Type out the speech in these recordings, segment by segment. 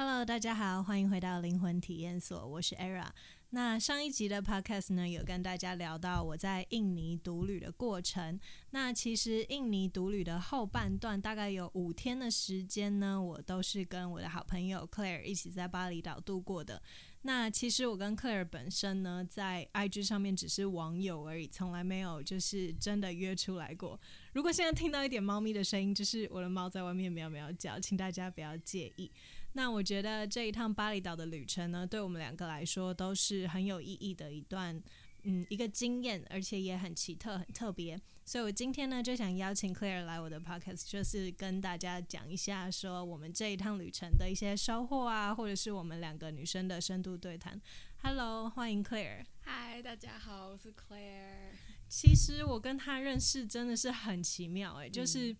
Hello，大家好，歡迎回到靈魂體驗所，我是 Era。那上一集的 Podcast 呢，有跟大家聊到我在印尼獨旅的過程。那其實印尼獨旅的後半段，大概有五天的時間呢，我都是跟我的好朋友 Claire 一起在巴厘島度過的。那其實我跟 Claire 本身呢，在 IG 上面只是網友而已，從來沒有就是真的約出來過。如果現在聽到一點貓咪的聲音，就是我的貓在外面喵喵叫，請大家不要介意。那我覺得這一趟巴厘島的旅程呢，對我們兩個來說都是很有意義的一段，嗯，一個經驗，而且也很奇特、很特別。所以我今天呢就想邀請 Claire 來我的 Podcast，就是跟大家講一下說我們這一趟旅程的一些收穫啊，或者是我們兩個女生的深度對談。Hello，歡迎 Claire。Hi，大家好，我是 Claire。其實我跟她認識真的是很奇妙誒、欸，就是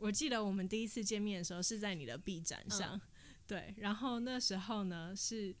我記得我們第一次見面的時候是在你的臂展上。嗯對，然後那時候呢是，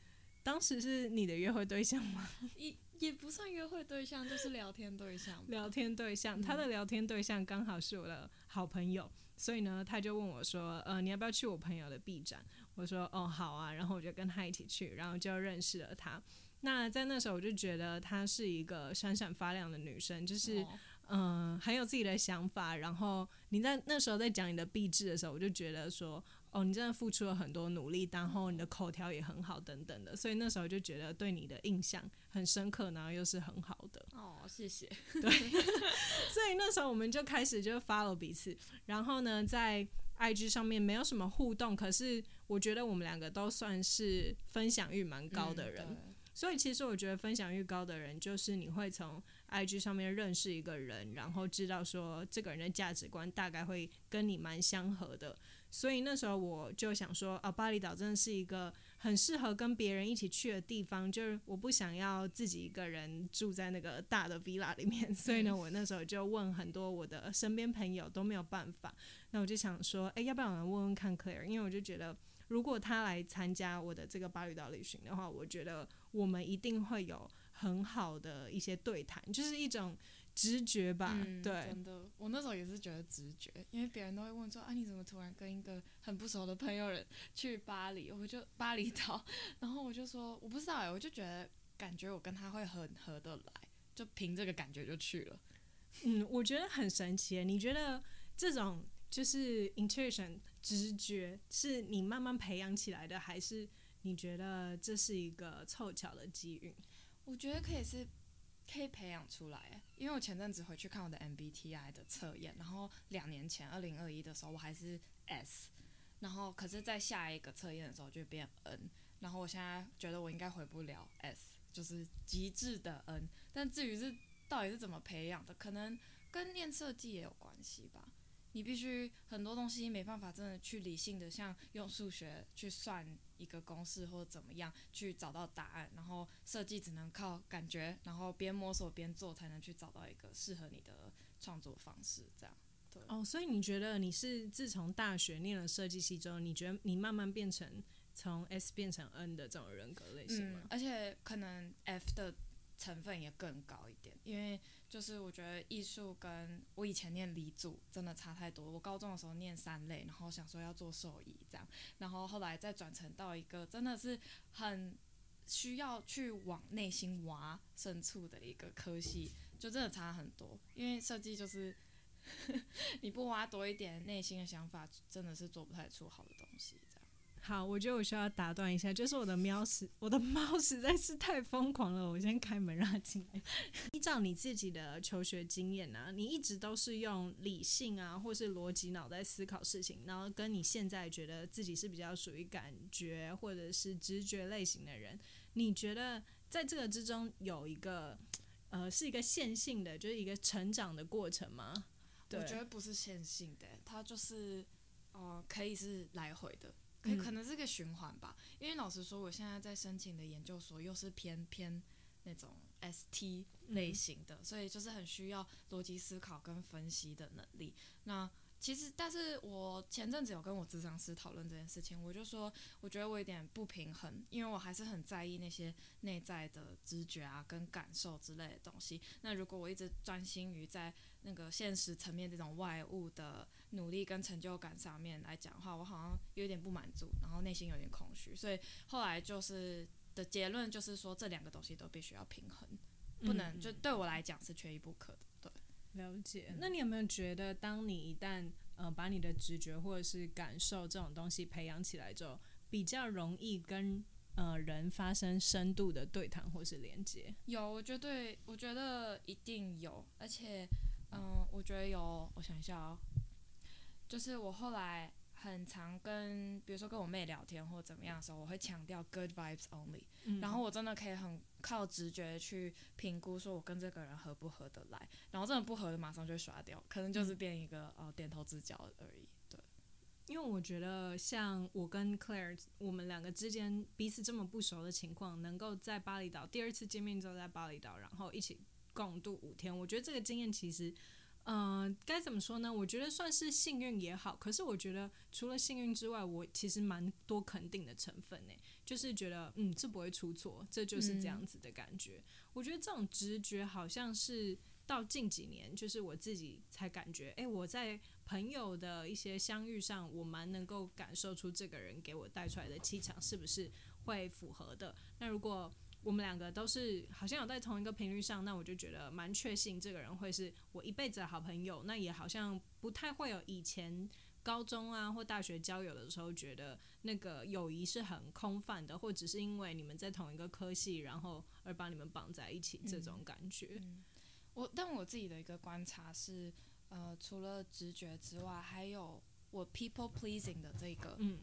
當時是你的約會對象嗎？也也不算約會對象，就是聊天對象。聊天對象、嗯，他的聊天對象剛好是我的好朋友，所以呢，他就問我說：“呃，你要不要去我朋友的畢展？”我說：“哦，好啊。”然後我就跟他一起去，然後就認識了他。那在那時候，我就覺得她是一個閃閃發亮的女生，就是嗯、哦呃，很有自己的想法。然後你在那時候在講你的畢製的時候，我就覺得說。哦，你真的付出了很多努力，然後你的口條也很好，等等的，所以那時候就覺得對你的印象很深刻，然後又是很好的。哦，謝謝。對， 所以那時候我們就開始就 follow 彼此，然後呢，在 IG 上面沒有什麼互動，可是我覺得我們兩個都算是分享欲蠻高的人，嗯，所以其實我覺得分享欲高的人，就是你會從 IG 上面認識一個人，然後知道說這個人的價值觀大概會跟你蠻相合的。所以那時候我就想說，啊，巴厘島真的是一個很適合跟別人一起去的地方，就是我不想要自己一個人住在那個大的 villa 裡面。所以呢，我那時候就問很多我的身邊朋友都沒有辦法。那我就想說，哎、欸，要不要來問問看 Claire？因為我就覺得，如果他來參加我的這個巴厘島旅行的話，我覺得我們一定會有很好的一些對談，就是一種。直覺吧、嗯，對，真的，我那時候也是覺得直覺，因為別人都會問說，啊，你怎麼突然跟一個很不熟的朋友人去巴黎，我就巴厘島？然後我就說，我不知道哎，我就覺得感覺我跟他會很合，合得來，就憑這個感覺就去了。嗯，我覺得很神奇，你覺得這種就是 intuition 直覺是你慢慢培養起來的，還是你覺得這是一個湊巧的機遇？我覺得可以是。可以培養出來，因為我前陣子回去看我的 MBTI 的測驗，然後兩年前二零二一的時候我還是 S，然後可是，在下一個測驗的時候就變 N，然後我現在覺得我應該回不了 S，就是極致的 N。但至於是到底是怎麼培養的，可能跟念設計也有關係吧。你必須很多東西沒辦法真的去理性的，像用數學去算一個公式或怎麼樣去找到答案，然後設計只能靠感覺，然後邊摸索邊做才能去找到一個適合你的創作方式。這樣，對哦。所以你覺得你是自從大學念了設計系之後，你覺得你慢慢變成從 S 變成 N 的這種人格類型嗎？嗯，而且可能 F 的成分也更高一點，因為。就是我覺得藝術跟我以前念理組真的差太多。我高中的時候念三類，然後想說要做獸醫這樣，然後後來再轉成到一個真的是很需要去往內心挖深處的一個科系，就真的差很多。因為設計就是 你不挖多一點內心的想法，真的是做不太出好的東西。好，我覺得我需要打斷一下，就是我的喵實，我的貓實在是太瘋狂了。我先開門讓它進來。依照你自己的求學經驗啊，你一直都是用理性啊，或是邏輯腦袋思考事情，然後跟你現在覺得自己是比較屬於感覺或者是直覺類型的人，你覺得在這個之中有一個呃，是一個線性的，就是一個成長的過程嗎？對，我覺得不是線性的，它就是呃，可以是來回的。可可能是個循環吧，嗯，因為老實說，我現在在申請的研究所又是偏偏那種 ST 類型的，嗯，所以就是很需要邏輯思考跟分析的能力。那其實，但是我前陣子有跟我諮商師討論這件事情，我就說，我覺得我有點不平衡，因為我還是很在意那些內在的直覺啊、跟感受之類的東西。那如果我一直專心於在那個現實層面這種外物的努力跟成就感上面來講的話，我好像有點不滿足，然後內心有點空虛。所以後來就是的結論就是說，這兩個東西都必須要平衡，不能就對我來講是缺一不可的。了解，那你有沒有覺得，當你一旦呃把你的直覺或者是感受這種東西培養起來之後，就比較容易跟呃人發生深度的對談或是連接？有，我覺得對，我覺得一定有，而且，嗯、呃，我覺得有，我想一下啊、哦，就是我後來。很常跟，比如說跟我妹聊天或者怎麼樣的時候，我會強調 good vibes only，然後我真的可以很靠直覺去評估，說我跟這個人合不合得來，然後這種不合的，馬上就刷掉，可能就是變一個哦、呃、點頭之交而已。對，因為我覺得像我跟 Claire，我們兩個之間彼此這麼不熟的情況，能夠在巴厘島第二次見面之後在巴厘島，然後一起共度五天，我覺得這個經驗其實。嗯、呃，該怎麼說呢？我覺得算是幸運也好，可是我覺得除了幸運之外，我其實蠻多肯定的成分呢，就是覺得嗯，這不會出錯，這就是這樣子的感覺、嗯。我覺得這種直覺好像是到近幾年，就是我自己才感覺，哎、欸，我在朋友的一些相遇上，我蠻能夠感受出這個人給我帶出來的氣場是不是會符合的。那如果我們兩個都是好像有在同一個頻率上，那我就覺得蠻確信這個人會是我一輩子的好朋友。那也好像不太會有以前高中啊或大學交友的時候覺得那個友誼是很空泛的，或只是因為你們在同一個科系，然後而把你們綁在一起這種感覺。嗯嗯，我但我自己的一個觀察是，呃，除了直覺之外，還有我 people pleasing 的這個，嗯。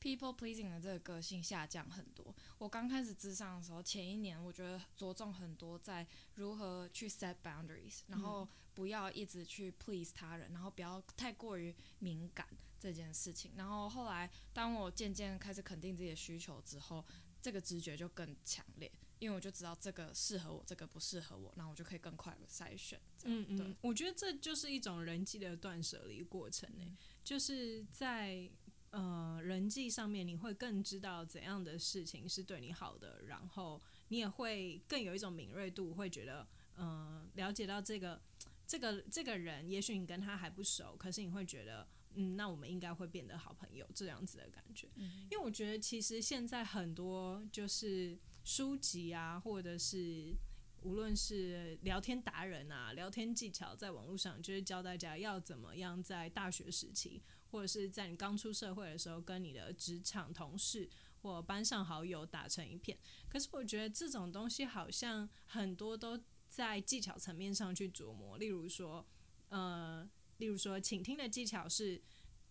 People pleasing 的這個個性下降很多。我剛開始職場的時候，前一年我覺得着重很多在如何去 set boundaries，然後不要一直去 please 他人，然後不要太過於敏感這件事情。然後後來，當我漸漸開始肯定自己的需求之後，這個直覺就更強烈，因為我就知道這個適合我，這個不適合我，那我就可以更快的篩選這樣，對。嗯嗯，我覺得這就是一種人際的斷舍離過程呢、欸，就是在。呃，人際上面你會更知道怎樣的事情是對你好的，然後你也會更有一種敏銳度，會覺得，嗯、呃，了解到這個，這個這個人，也許你跟他還不熟，可是你會覺得，嗯，那我們應該會變得好朋友這樣子的感覺、嗯。因為我覺得其實現在很多就是書籍啊，或者是無論是聊天達人啊，聊天技巧在網絡上就是教大家要怎麼樣在大學時期。或者是在你剛出社會的時候，跟你的職場同事或班上好友打成一片。可是我覺得這種東西好像很多都在技巧層面上去琢磨，例如說，呃，例如說，傾聽的技巧是，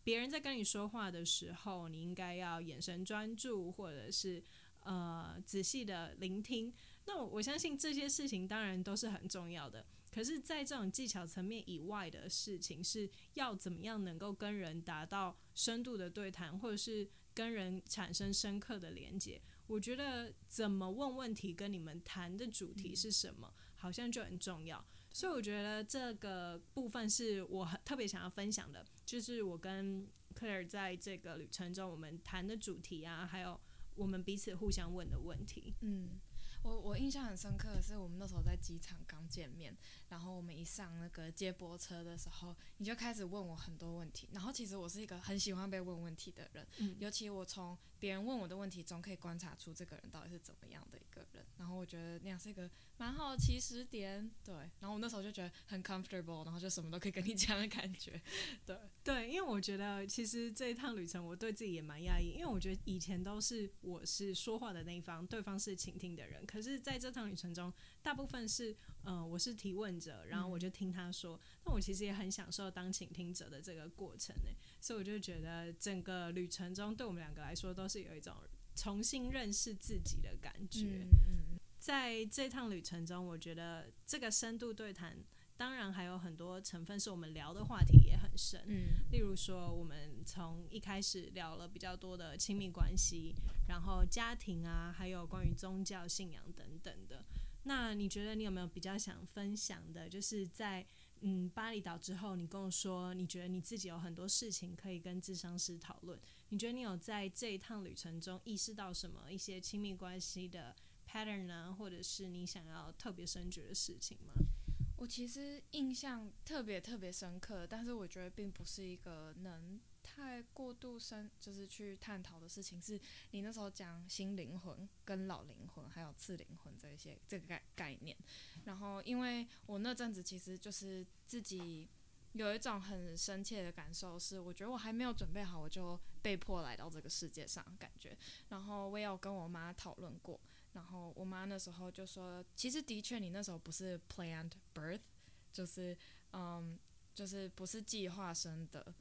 別人在跟你說話的時候，你應該要眼神專注，或者是呃仔細的聆聽。那我，我相信這些事情當然都是很重要的。可是，在這種技巧層面以外的事情，是要怎麼樣能夠跟人達到深度的對談，或者是跟人產生深刻的連接？我覺得怎麼問問題，跟你們談的主題是什麼，好像就很重要。所以，我覺得這個部分是我很特別想要分享的，就是我跟 Claire 在這個旅程中，我們談的主題啊，還有我們彼此互相問的問題。嗯。我我印象很深刻的是，我們那時候在機場剛見面，然後我們一上那個接駁車的時候，你就開始問我很多問題。然後其實我是一個很喜歡被問問題的人，嗯、尤其我從別人問我的問題中可以觀察出這個人到底是怎麼樣的一個人。然後我覺得那樣是一個蠻好的起始點，對。然後我那時候就覺得很 comfortable，然後就什麼都可以跟你講的感覺，對 對。因為我覺得其實這一趟旅程我對自己也蠻訝異，因為我覺得以前都是我是說話的那一方，對方是傾聽的人。可是在這趟旅程中，大部分是，嗯、呃，我是提問者，然後我就聽他說。那、嗯、我其實也很享受當傾聽者的這個過程呢，所以我就覺得整個旅程中，對我們兩個來說，都是有一種重新認識自己的感覺、嗯。在這趟旅程中，我覺得這個深度對談。當然還有很多成分是我們聊的話題也很深，嗯，例如說我們從一開始聊了比較多的親密關係，然後家庭啊，還有關於宗教信仰等等的。那你覺得你有沒有比較想分享的？就是在嗯峇里島之後，你跟我說，你覺得你自己有很多事情可以跟諮商師討論。你覺得你有在這一趟旅程中意識到什麼一些親密關係的 pattern 呢、啊，或者是你想要特別深掘的事情嗎？我其實印象特別特別深刻，但是我覺得並不是一個能太過度深，就是去探討的事情。是你那時候講新靈魂跟老靈魂，還有次靈魂這一些這個概概念。然後，因為我那陣子其實就是自己有一種很深切的感受，是我覺得我還沒有準備好，我就被迫來到這個世界上的感覺。然後，我也有跟我媽討論過。然後我媽那時候就說：“其實的確，你那時候不是 planned birth，就是嗯，就是不是計劃生的，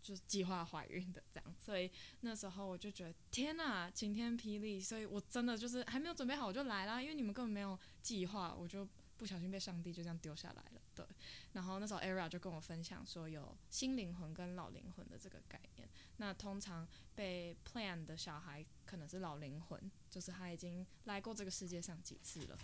就是、計劃懷孕的這樣。所以那時候我就覺得天哪，晴天霹靂！所以我真的就是還沒有準備好，我就來啦，因為你們根本沒有計劃，我就不小心被上帝就這樣丟下來了。”對，然後那時候 Era 就跟我分享說有新靈魂跟老靈魂的這個概念。那通常被 plan 的小孩可能是老靈魂，就是他已經來過這個世界上幾次了；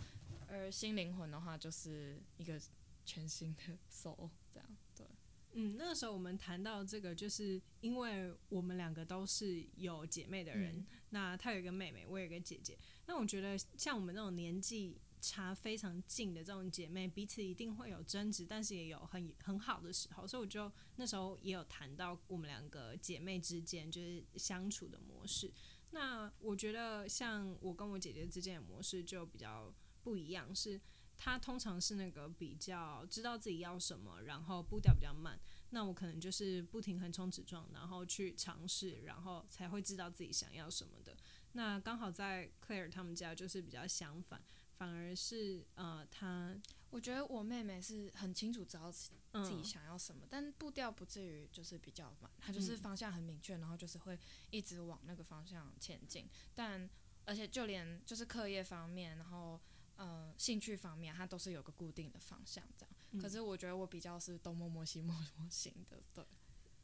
而新靈魂的話，就是一個全新的 soul。這樣，對，嗯，那個時候我們談到這個，就是因為我們兩個都是有姐妹的人，嗯、那他有一個妹妹，我有一個姐姐。那我覺得像我們那種年紀。差非常近的這種姐妹，彼此一定會有爭執，但是也有很很好的時候。所以我就那時候也有談到我們兩個姐妹之間就是相處的模式。那我覺得像我跟我姐姐之間的模式就比較不一樣，是她通常是那個比較知道自己要什麼，然後步調比較慢。那我可能就是不停橫衝直撞，然後去嘗試，然後才會知道自己想要什麼的。那剛好在 Claire 他們家就是比較相反。反而是呃，他，我覺得我妹妹是很清楚知道自己想要什麼，嗯、但步調不至於就是比較慢，她就是方向很明確、嗯，然後就是會一直往那個方向前進。但而且就連就是課業方面，然後呃，興趣方面，她都是有個固定的方向這樣。嗯、可是我覺得我比較是東摸摸西摸摸型的，對。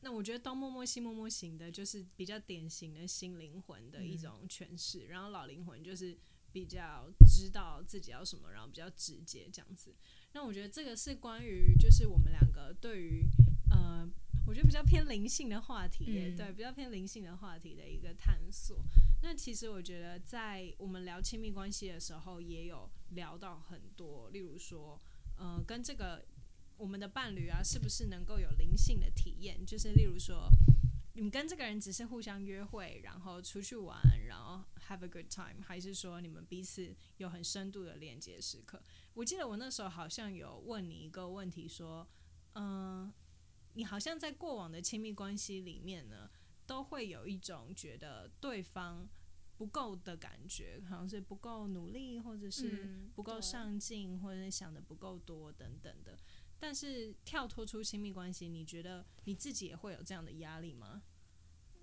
那我覺得東摸摸西摸摸型的就是比較典型的新靈魂的一種詮釋、嗯，然後老靈魂就是。比較知道自己要什麼，然後比較直接這樣子。那我覺得這個是關於，就是我們兩個對於，呃，我覺得比較偏靈性的話題、嗯，對，比較偏靈性的話題的一個探索。那其實我覺得，在我們聊親密關係的時候，也有聊到很多，例如說，呃，跟這個我們的伴侶啊，是不是能夠有靈性的體驗？就是例如說。你們跟這個人只是互相約會，然後出去玩，然後 have a good time，還是說你們彼此有很深度的連接時刻？我記得我那時候好像有問你一個問題，說，嗯、呃，你好像在過往的親密關係裡面呢，都會有一種覺得對方不夠的感覺，好像是不夠努力，或者是不夠上進，嗯、或者是想得不夠多等等的。但是跳脫出親密關係，你覺得你自己也會有這樣的壓力嗎？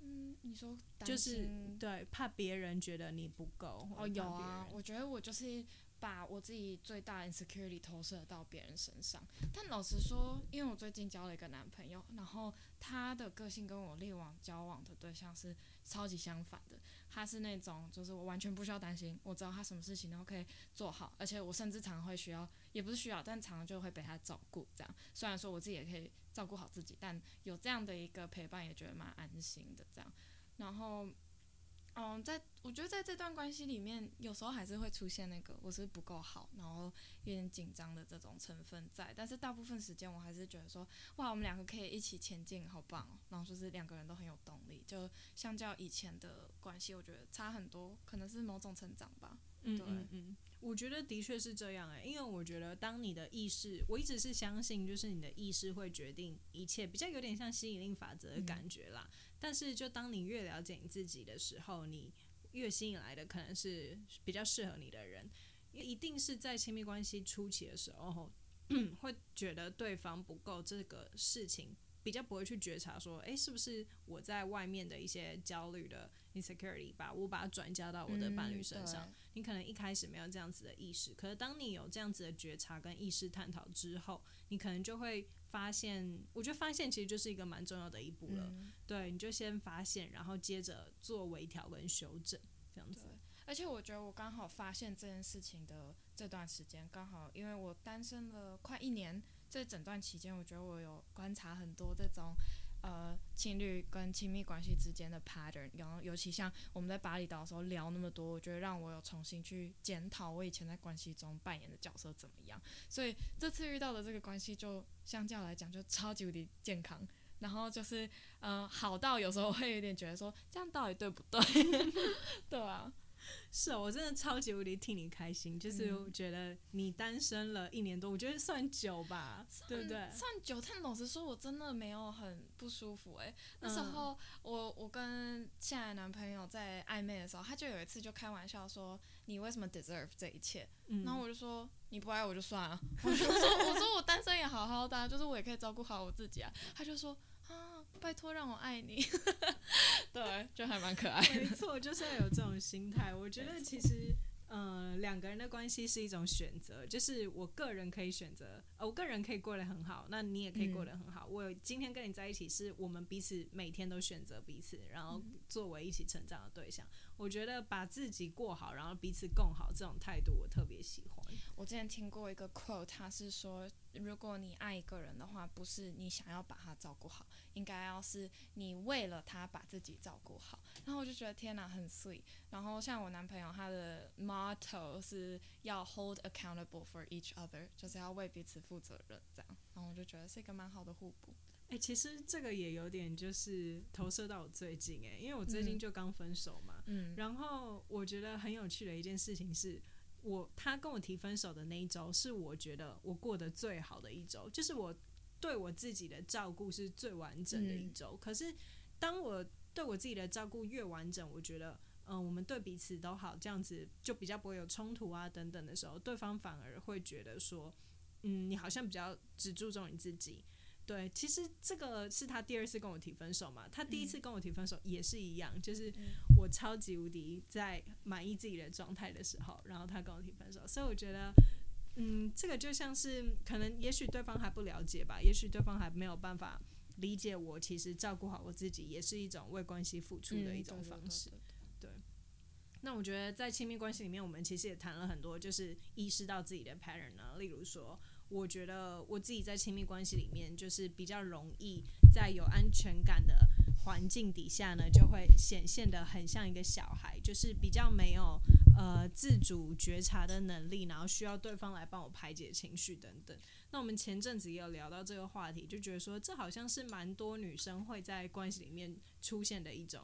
嗯，你說，就是對，怕別人覺得你不夠。哦，有啊，我覺得我就是。把我自己最大的 insecurity 投射到別人身上，但老實說，因為我最近交了一個男朋友，然後他的個性跟我以往交往的對象是超級相反的。他是那種就是我完全不需要擔心，我知道他什麼事情都可以做好，而且我甚至常常會需要，也不是需要，但常常就會被他照顧這樣。雖然說我自己也可以照顧好自己，但有這樣的一個陪伴，也覺得蠻安心的這樣。然後。嗯、um，在我覺得在這段關係裡面，有時候還是會出現那個我是不夠好，然後有點緊張的這種成分在。但是大部分時間我還是覺得說，哇，我們兩個可以一起前進，好棒哦！然後就是兩個人都很有動力，就相較以前的關係，我覺得差很多，可能是某種成長吧。對，嗯，嗯嗯，我覺得的確是這樣哎、欸，因為我覺得當你的意識，我一直是相信，就是你的意識會決定一切，比較有點像吸引力法則的感覺啦。嗯但是，就當你越了解你自己的時候，你越吸引來的可能是比較適合你的人。因為一定是在親密關係初期的時候，會覺得對方不夠這個事情，比較不會去覺察說，哎、欸，是不是我在外面的一些焦慮的 insecurity，把我把它轉嫁到我的伴侶身上。嗯，對。你可能一開始沒有這樣子的意識，可是當你有這樣子的覺察跟意識探討之後，你可能就會發現，我覺得發現其實就是一個蠻重要的一步了，嗯。對，你就先發現，然後接着做微調跟修正，這樣子。對。而且我覺得我剛好發現這件事情的這段時間，剛好因為我單身了快一年，這整段期間，我覺得我有觀察很多這種。呃，情侶跟親密關係之間的 pattern，然後尤其像我們在巴厘島的時候聊那麼多，我覺得讓我有重新去檢討我以前在關係中扮演的角色怎麼樣。所以這次遇到的這個關係就相較來講就超級無敵健康，然後就是，呃，好到有時候我會有點覺得說，這樣到底對不對？ 對啊。是我真的超級無敵替你開心，就是我覺得你單身了一年多，嗯、我覺得算久吧算，對不對？算久，但老實說，我真的沒有很不舒服、欸。誒、嗯，那時候我我跟現在的男朋友在曖昧的時候，他就有一次就開玩笑說：“你為什麼 deserve 這一切？”嗯、然後我就說：“你不愛我就算了、啊。嗯”我就說：“我說我單身也好好的、啊， 就是我也可以照顧好我自己啊。”他就說：“啊。”拜託，讓我愛你。 對，就還蠻可愛的。沒錯，就是要有這種心態。 我覺得其實，嗯、呃，兩個人的關係是一種選擇，就是我個人可以選擇、呃，我個人可以過得很好，那你也可以過得很好。嗯、我今天跟你在一起，是我們彼此每天都選擇彼此，然後作為一起成長的對象、嗯。我覺得把自己過好，然後彼此共好，這種態度我特別喜歡。我之前聽過一個 quote，他是說。如果你愛一個人的話，不是你想要把他照顧好，應該要是你為了他把自己照顧好。然後我就覺得天哪，很 sweet。然後像我男朋友，他的 motto 是要 hold accountable for each other，就是要為彼此負責任這樣。然後我就覺得是一個蠻好的互補。哎、欸，其實這個也有點就是投射到我最近哎、欸，因為我最近就剛分手嘛。嗯。然後我覺得很有趣的一件事情是。我他跟我提分手的那一周，是我覺得我過得最好的一周，就是我對我自己的照顧是最完整的一周。嗯。可是，當我對我自己的照顧越完整，我覺得，嗯，我們對彼此都好，這樣子就比較不會有衝突啊等等的時候，對方反而會覺得說，嗯，你好像比較只注重你自己。對，其實這個是他第二次跟我提分手嘛。他第一次跟我提分手也是一樣，嗯、就是我超級無敵在滿意自己的狀態的時候，然後他跟我提分手。所以我覺得，嗯，這個就像是可能，也許對方還不了解吧，也許對方還沒有辦法理解我。其實照顧好我自己也是一種為關係付出的一種方式。嗯、對，對，對，對，對，對。那我覺得在親密關係裡面，我們其實也談了很多，就是意識到自己的 pattern、啊、呢，例如說。我覺得我自己在親密關係裡面，就是比較容易在有安全感的環境底下呢，就會顯現得很像一個小孩，就是比較沒有呃自主覺察的能力，然後需要對方來幫我排解情緒等等。那我們前陣子也有聊到這個話題，就覺得說這好像是蠻多女生會在關係裡面出現的一種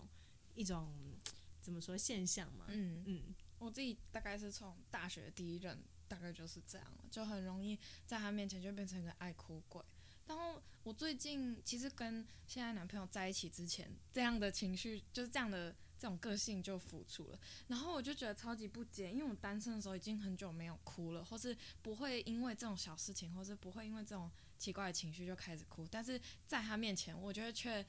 一種怎麼說現象嘛？嗯嗯，我自己大概是從大學第一任。大概就是這樣了，就很容易在他面前就變成一個愛哭鬼。然後我最近其實跟現在男朋友在一起之前，這樣的情緒就是這樣的這種個性就浮出了。然後我就覺得超級不解，因為我單身的時候已經很久沒有哭了，或是不會因為這種小事情，或是不會因為這種奇怪的情緒就開始哭。但是在他面前我，我覺得卻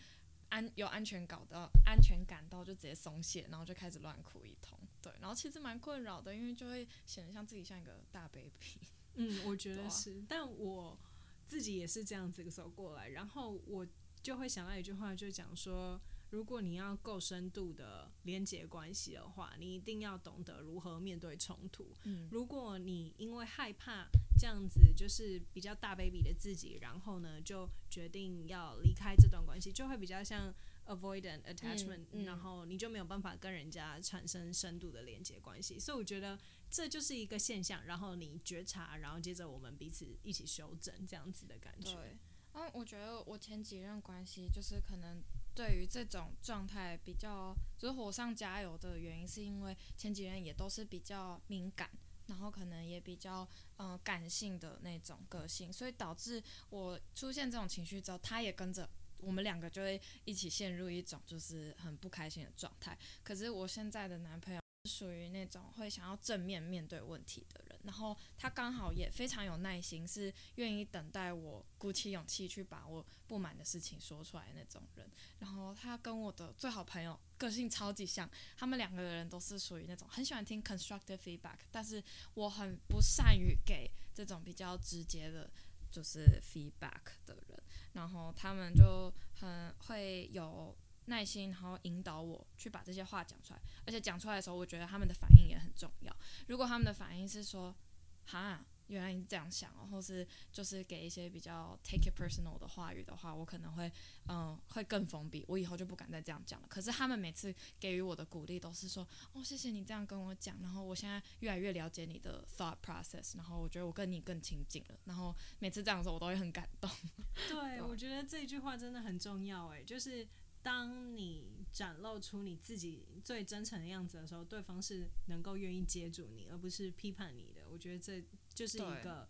安有安全感到安全感到就直接鬆懈，然後就開始亂哭一通。對，然後其實蠻困擾的，因為就會顯得像自己像一個大 baby。嗯，我覺得是、 啊，但我自己也是這樣子一個走過來，然後我就會想到一句話，就講說，如果你要夠深度的連接關係的話，你一定要懂得如何面對衝突。嗯、如果你因為害怕這樣子就是比較大 baby 的自己，然後呢就決定要離開這段關係，就會比較像。avoidant attachment，、嗯嗯、然後你就沒有辦法跟人家產生深度的連接關係、嗯，所以我覺得這就是一個現象。然後你覺察，然後接着我們彼此一起修正，這樣子的感覺。對，嗯，我覺得我前幾任關係就是可能對於這種狀態比較就是火上加油的原因，是因為前幾任也都是比較敏感，然後可能也比較嗯、呃、感性的那種個性，所以導致我出現這種情緒之後，他也跟着。我們兩個就會一起陷入一種就是很不開心的狀態。可是我現在的男朋友是屬於那種會想要正面面對問題的人，然後他剛好也非常有耐心，是願意等待我鼓起勇氣去把我不滿的事情說出來的那種人。然後他跟我的最好朋友個性超級像，他們兩個人都是屬於那種很喜歡聽 constructive feedback，但是我很不善於給這種比較直接的，就是 feedback 的人。然後他們就很會有耐心，然後引導我去把這些話講出來，而且講出來的時候，我覺得他們的反應也很重要。如果他們的反應是說“哈”，原來你是這樣想，或是就是給一些比較 take it personal 的話語的話，我可能會嗯、呃、會更封閉，我以後就不敢再這樣講了。可是他們每次給予我的鼓勵都是說哦謝謝你這樣跟我講，然後我現在越來越了解你的 thought process，然後我覺得我跟你更親近了，然後每次這樣子我都會很感動。對， 對，我覺得這句話真的很重要哎，就是當你展露出你自己最真誠的樣子的時候，對方是能夠願意接住你，而不是批判你的。我覺得這就是一個，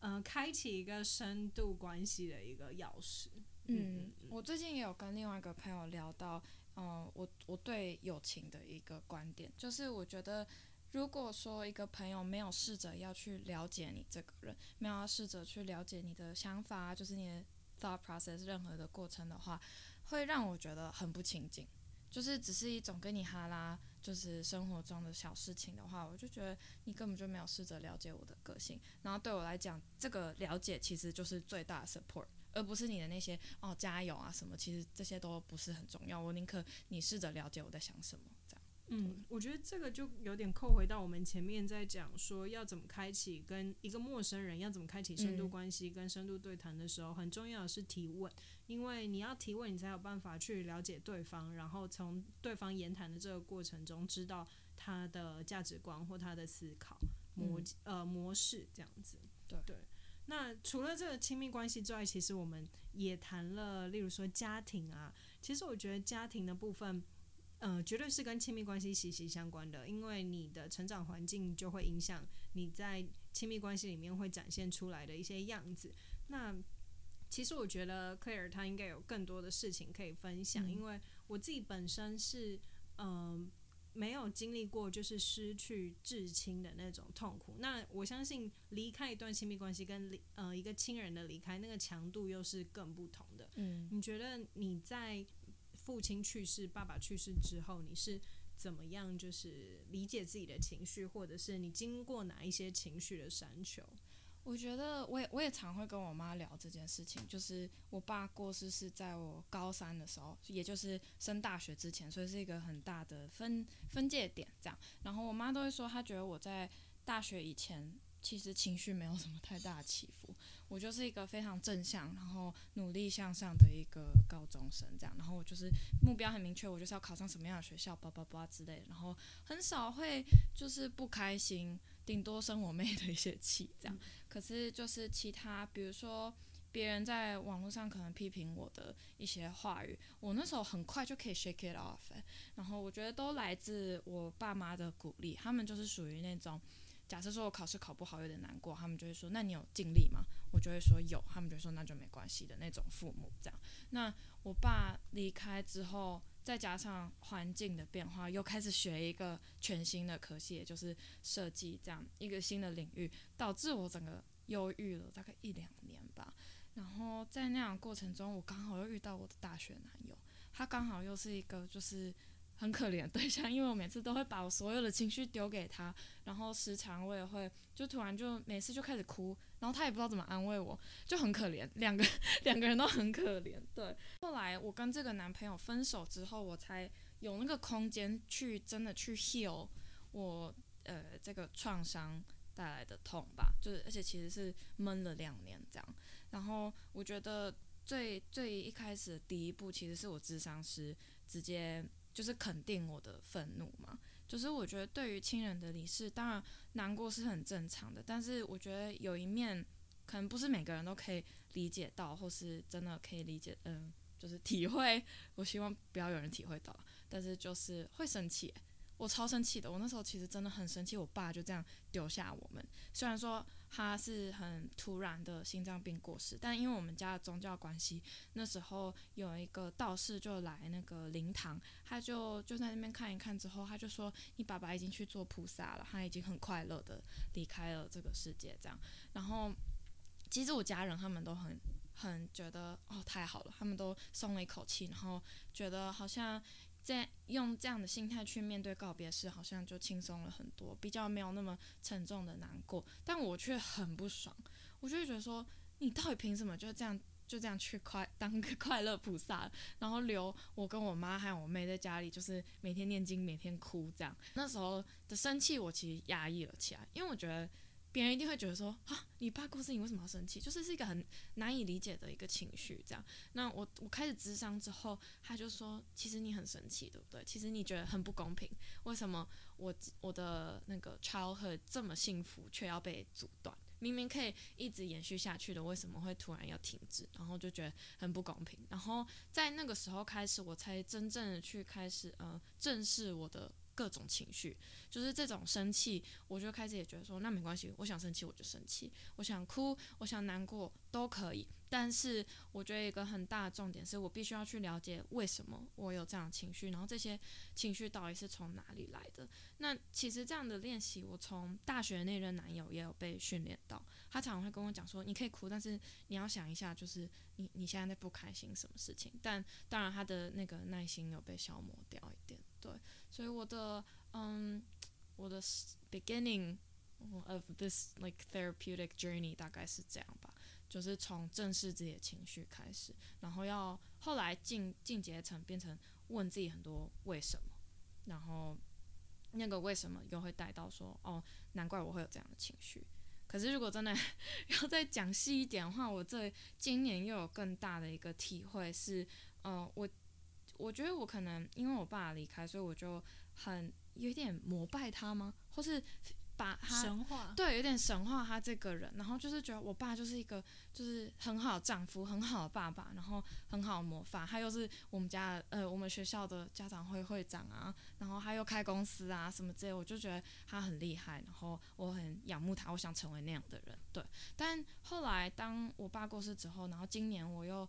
呃，開啟一個深度關係的一個鑰匙。嗯，我最近也有跟另外一個朋友聊到，呃，我我對友情的一個觀點，就是我覺得，如果說一個朋友沒有試着要去了解你這個人，沒有試着去了解你的想法，就是你的 thought process，任何的過程的話，會讓我覺得很不親近，就是只是一種跟你哈啦。就是生活中的小事情的話，我就覺得你根本就沒有試着了解我的個性。然後對我來講，這個了解其實就是最大的 support，而不是你的那些，哦，加油啊什麼。其實這些都不是很重要，我寧可你試着了解我在想什麼。嗯，我覺得這個就有點扣回到我們前面在講說要怎麼開啟跟一個陌生人要怎麼開啟深度關係跟深度對談的時候，嗯、很重要的是提問，因為你要提問，你才有辦法去了解對方，然後從對方言談的這個過程中，知道他的價值觀或他的思考、嗯、模呃模式這樣子。對對，對。那除了這個親密關係之外，其實我們也談了，例如說家庭啊，其實我覺得家庭的部分。呃，絕對是跟親密關係息息相關的，因為你的成長環境就會影響你在親密關係裡面會展現出來的一些樣子。那其實我覺得 Claire 她應該有更多的事情可以分享，嗯、因為我自己本身是嗯、呃、沒有經歷過就是失去至親的那種痛苦。那我相信離開一段親密關係跟離呃一個親人的離開那個強度又是更不同的。嗯，你覺得你在？父親去世、爸爸去世之後，你是怎麼樣，就是理解自己的情緒，或者是你經過哪一些情緒的閃求？我覺得，我也我也常會跟我媽聊這件事情。就是我爸過世是在我高三的時候，也就是升大學之前，所以是一個很大的分分界點，這樣，然後我媽都會說，她覺得我在大學以前，其實情緒沒有什麼太大的起伏。我就是一個非常正向，然後努力向上的一個高中生，這樣，然後我就是目標很明確，我就是要考上什麼樣的學校，叭叭叭之類的，然後很少會就是不開心，頂多生我妹的一些氣，這樣，嗯。可是就是其他，比如說別人在網絡上可能批評我的一些話語，我那時候很快就可以 shake it off。然後我覺得都來自我爸媽的鼓勵，他們就是屬於那種，假設說我考試考不好，有點難過，他們就會說，那你有盡力嗎？我就會說有，他們就會說，那就沒關係的那種父母這樣。那我爸離開之後，再加上環境的變化，又開始學一個全新的科系，也就是設計這樣一個新的領域，導致我整個憂鬱了大概一兩年吧。然後在那樣的過程中，我剛好又遇到我的大學男友，他剛好又是一個就是很可憐的對象，因為我每次都會把我所有的情緒丟給他，然後時常我也會就突然就每次就開始哭。然後他也不知道怎麼安慰我，就很可憐，兩個兩個人都很可憐。對，後來我跟這個男朋友分手之後，我才有那個空間去真的去 heal 我呃這個創傷帶來的痛吧，就是而且其實是悶了兩年這樣。然後我覺得最最一開始的第一步，其實是我諮商師直接就是肯定我的憤怒嘛。就是我覺得對於親人的離世，當然難過是很正常的，但是我覺得有一面可能不是每個人都可以理解到，或是真的可以理解，嗯、呃，就是體會。我希望不要有人體會到，但是就是會生氣，我超生氣的。我那時候其實真的很生氣，我爸就這樣丟下我們，雖然說。他是很突然的心臟病過世，但因為我們家的宗教關係，那時候有一個道士就來那個靈堂，他就就在那邊看一看之後，他就說：“你爸爸已經去做菩薩了，他已經很快樂地離開了這個世界。”這樣，然後其實我家人他們都很很覺得哦太好了，他們都鬆了一口氣，然後覺得好像。在用這樣的心態去面對告別式，好像就輕鬆了很多，比較沒有那麼沉重的難過。但我卻很不爽，我就會覺得說，你到底憑什麼就這樣就這樣去快當個快樂菩薩，然後留我跟我媽還有我妹在家裡，就是每天念經，每天哭這樣。那時候的生氣我其實壓抑了起來，因為我覺得。別人一定會覺得說啊，你爸過世，你為什麼要生氣？就是是一個很難以理解的一個情緒，這樣。那我我開始諮商之後，他就說，其實你很生氣，對不對？其實你覺得很不公平，為什麼我我的那個超 d 這麼幸福，卻要被阻斷？明明可以一直延續下去的，為什麼會突然要停止？然後就覺得很不公平。然後在那個時候開始，我才真正的去開始嗯、呃，正視我的。各種情緒，就是這種生氣，我就開始也覺得說，那沒關係，我想生氣我就生氣，我想哭我想難過都可以。但是我覺得一個很大的重點是我必須要去了解為什麼我有這樣的情緒，然後這些情緒到底是從哪裡來的。那其實這樣的練習，我從大學那任男友也有被訓練到，他常常會跟我講說，你可以哭，但是你要想一下，就是你你現在在不開心什麼事情。但當然他的那個耐心有被消磨掉一點。對，所以我的嗯，um, 我的 beginning of this like therapeutic journey 大概是這樣吧，就是從正視自己的情緒開始，然後要後來進進階層，變成問自己很多為什麼，然後那個為什麼又會帶到說，哦，難怪我會有這樣的情緒。可是如果真的要再講細一點的話，我這今年又有更大的一個體會是，嗯、呃，我。我覺得我可能因為我爸離開，所以我就很有點膜拜他嗎？或是把他神化？對，有點神化他這個人。然後就是覺得我爸就是一個就是很好丈夫，很好的爸爸，然後很好模範。他又是我們家呃我們學校的家長會會長啊，然後他又開公司啊什麼之類。我就覺得他很厲害，然後我很仰慕他，我想成為那樣的人。對，但後來當我爸過世之後，然後今年我又。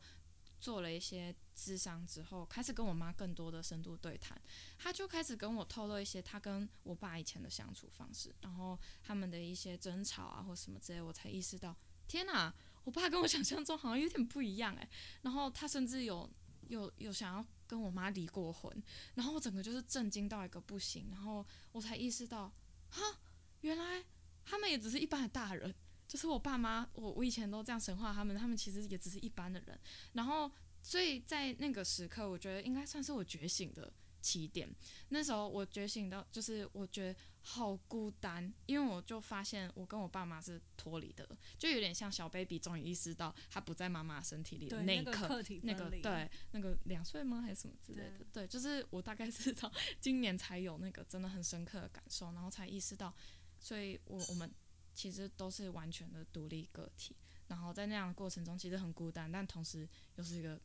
做了一些諮商之後，開始跟我媽更多的深度對談，她就開始跟我透露一些她跟我爸以前的相處方式，然後他們的一些爭吵啊或什麼之類，我才意識到，天哪、啊，我爸跟我想象中好像有點不一樣哎。然後他甚至有，有，有想要跟我媽離過婚，然後我整個就是震驚到一個不行，然後我才意識到，哈，原來他們也只是一般的大人。就是我爸媽，我我以前都這樣神化他們，他們其實也只是一般的人。然後，所以在那個時刻，我覺得應該算是我覺醒的起點。那時候我覺醒到，就是我覺得好孤單，因為我就發現我跟我爸媽是脫離的，就有點像小 baby 終於意識到他不在媽媽身體裡的那一刻。那個、那個對，那個兩歲嗎？還是什麼之類的？對，對就是我大概是從今年才有那個真的很深刻的感受，然後才意識到，所以我我們。其實都是完全的獨立個體，然後在那樣的過程中，其實很孤單，但同時又是一個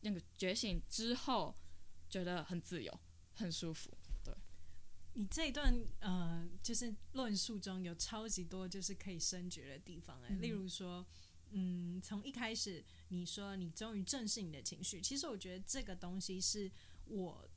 那個覺醒之後覺得很自由、很舒服。對，你這一段呃，就是論述中有超級多就是可以深掘的地方哎，欸，嗯，例如說，嗯，從一開始你說你終於正視你的情緒，其實我覺得這個東西是我。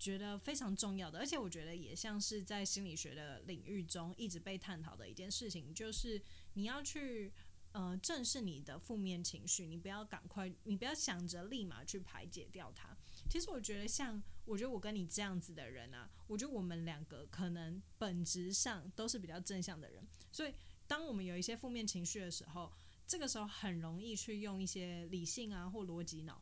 覺得非常重要的，而且我覺得也像是在心理學的領域中一直被探討的一件事情，就是你要去呃正視你的負面情緒，你不要趕快，你不要想着立馬去排解掉它。其實我覺得像，像我覺得我跟你這樣子的人啊，我覺得我們兩個可能本質上都是比較正向的人，所以當我們有一些負面情緒的時候，這個時候很容易去用一些理性啊或邏輯腦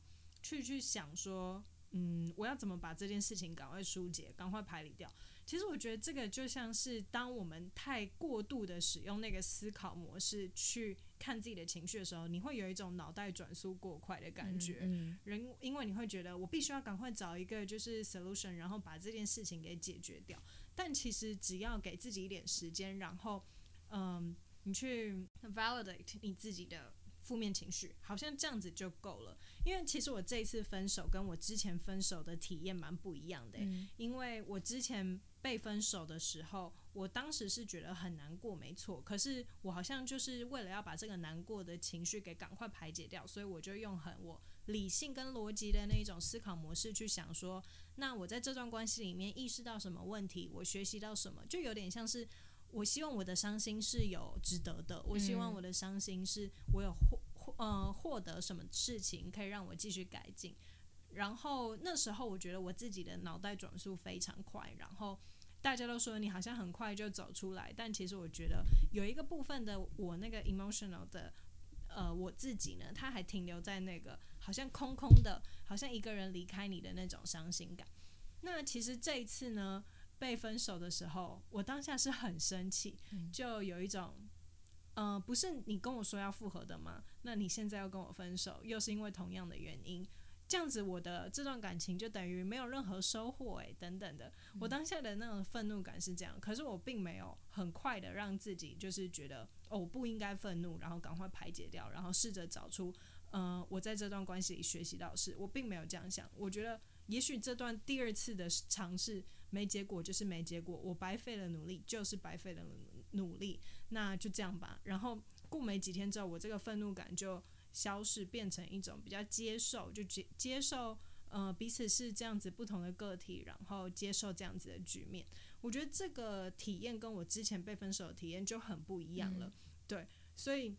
去去想說，嗯，我要怎麼把這件事情趕快疏解、趕快排解掉？其實我覺得這個就像是當我們太過度的使用那個思考模式去看自己的情緒的時候，你會有一種腦袋轉速過快的感覺。嗯嗯、人因為你會覺得我必須要趕快找一個就是 solution，然後把這件事情給解決掉。但其實只要給自己一點時間，然後嗯，你去 validate 你自己的。負面情緒好像這樣子就夠了，因為其實我這一次分手跟我之前分手的體驗蠻不一樣的欸。嗯。因為我之前被分手的時候，我當時是覺得很難過，沒錯。可是我好像就是為了要把這個難過的情緒給趕快排解掉，所以我就用很我理性跟邏輯的那種思考模式去想說，那我在這段關係裡面意識到什麼問題，我學習到什麼，就有點像是。我希望我的傷心是有值得的，我希望我的傷心是我有獲獲呃獲得什麼事情可以讓我繼續改進。然後那時候我覺得我自己的腦袋轉速非常快，然後大家都說你好像很快就走出來，但其實我覺得有一個部分的我那個 emotional 的呃我自己呢，它還停留在那個好像空空的，好像一個人離開你的那種傷心感。那其實這一次呢。被分手的時候，我當下是很生氣，就有一種，嗯、呃，不是你跟我說要復合的嗎？那你現在要跟我分手，又是因為同樣的原因，這樣子我的這段感情就等於沒有任何收穫誒、欸。等等的，我當下的那種憤怒感是這樣。可是我並沒有很快的讓自己就是覺得哦，我不應該憤怒，然後趕快排解掉，然後試着找出，嗯、呃，我在這段關係裡學習到的事，我並沒有這樣想。我覺得也許這段第二次的嘗試。沒結果就是沒結果，我白費了努力就是白費了努力，那就這樣吧。然後過沒幾天之後，我這個憤怒感就消失，變成一種比較接受，就接接受，呃，彼此是這樣子不同的個體，然後接受這樣子的局面。我覺得這個體驗跟我之前被分手的體驗就很不一樣了，嗯、對。所以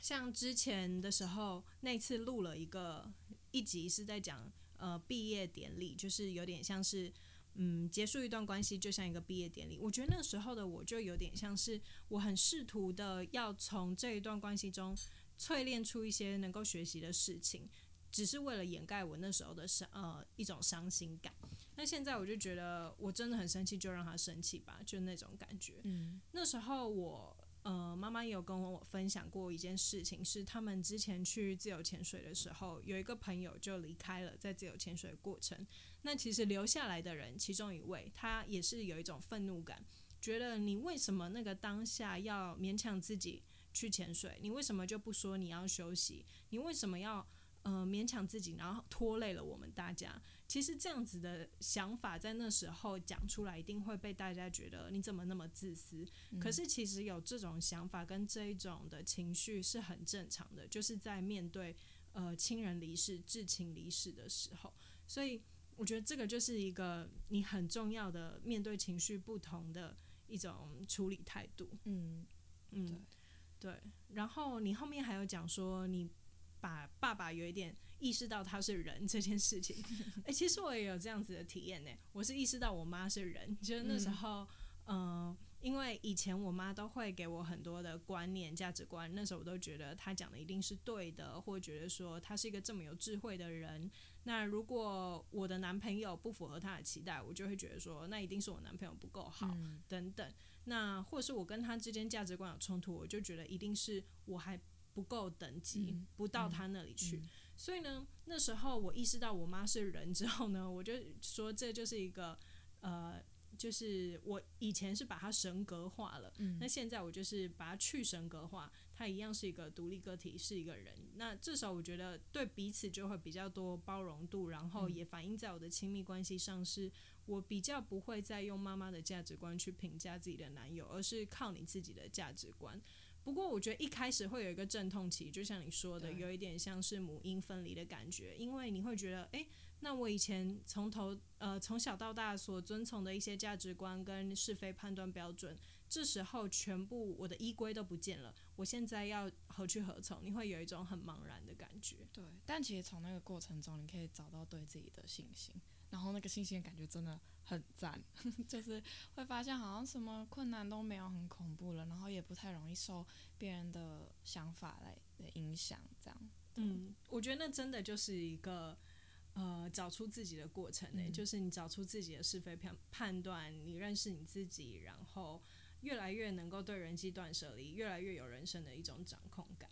像之前的時候，那次錄了一個一集，是在講呃畢業典禮，就是有點像是。嗯，結束一段關係就像一個畢業典禮，我覺得那時候的我就有點像是我很試圖的要從這一段關係中淬煉出一些能夠學習的事情，只是為了掩蓋我那時候的傷，呃，一種傷心感。那現在我就覺得我真的很生氣，就讓他生氣吧，就那種感覺。嗯，那時候我。呃，媽媽有跟我分享過一件事情，是他們之前去自由潛水的時候，有一個朋友就離開了，在自由潛水的過程，那其實留下來的人其中一位，他也是有一種憤怒感，覺得你為什麼那個當下要勉強自己去潛水？你為什麼就不說你要休息？你為什麼要……呃，勉強自己，然後拖累了我們大家。其實這樣子的想法，在那時候講出來，一定會被大家覺得你怎麼那麼自私。嗯、可是其實有這種想法跟這一種的情緒是很正常的，就是在面對呃親人離世、至親離世的時候。所以我覺得這個就是一個你很重要的面對情緒不同的一種處理態度。嗯嗯對，對。然後你後面還有講說你。把爸爸有一點意識到他是人這件事情，誒、 欸，其實我也有這樣子的體驗呢。我是意識到我媽是人，就是那時候，嗯，呃、因為以前我媽都會給我很多的觀念、價值觀，那時候我都覺得她講的一定是對的，或覺得說她是一個這麼有智慧的人。那如果我的男朋友不符合她的期待，我就會覺得說那一定是我男朋友不夠好、嗯、等等。那或者是我跟他之間價值觀有衝突，我就覺得一定是我還不夠等級、嗯，不到他那裡去、嗯嗯。所以呢，那時候我意識到我媽是人之後呢，我就說這就是一個，呃，就是我以前是把她神格化了、嗯，那現在我就是把她去神格化，她一樣是一個獨立個體，是一個人。那至少我覺得對彼此就會比較多包容度，然後也反映在我的親密關係上，是我比較不會再用媽媽的價值觀去評價自己的男友，而是靠你自己的價值觀。不過，我覺得一開始會有一個陣痛期，就像你說的，有一點像是母嬰分離的感覺，因為你會覺得，哎、欸，那我以前從頭呃從小到大所遵從的一些價值觀跟是非判斷標準，這時候全部我的依歸都不見了，我現在要何去何從？你會有一種很茫然的感覺。對，但其實從那個過程中，你可以找到對自己的信心。然後那個信心感覺真的很贊，就是會發現好像什麼困難都沒有，很恐怖了，然後也不太容易受別人的想法來的影響，這樣。嗯，我覺得那真的就是一個呃，找出自己的過程呢、欸嗯，就是你找出自己的是非判判斷，你認識你自己，然後越來越能夠對人際斷捨離，越來越有人生的一種掌控感。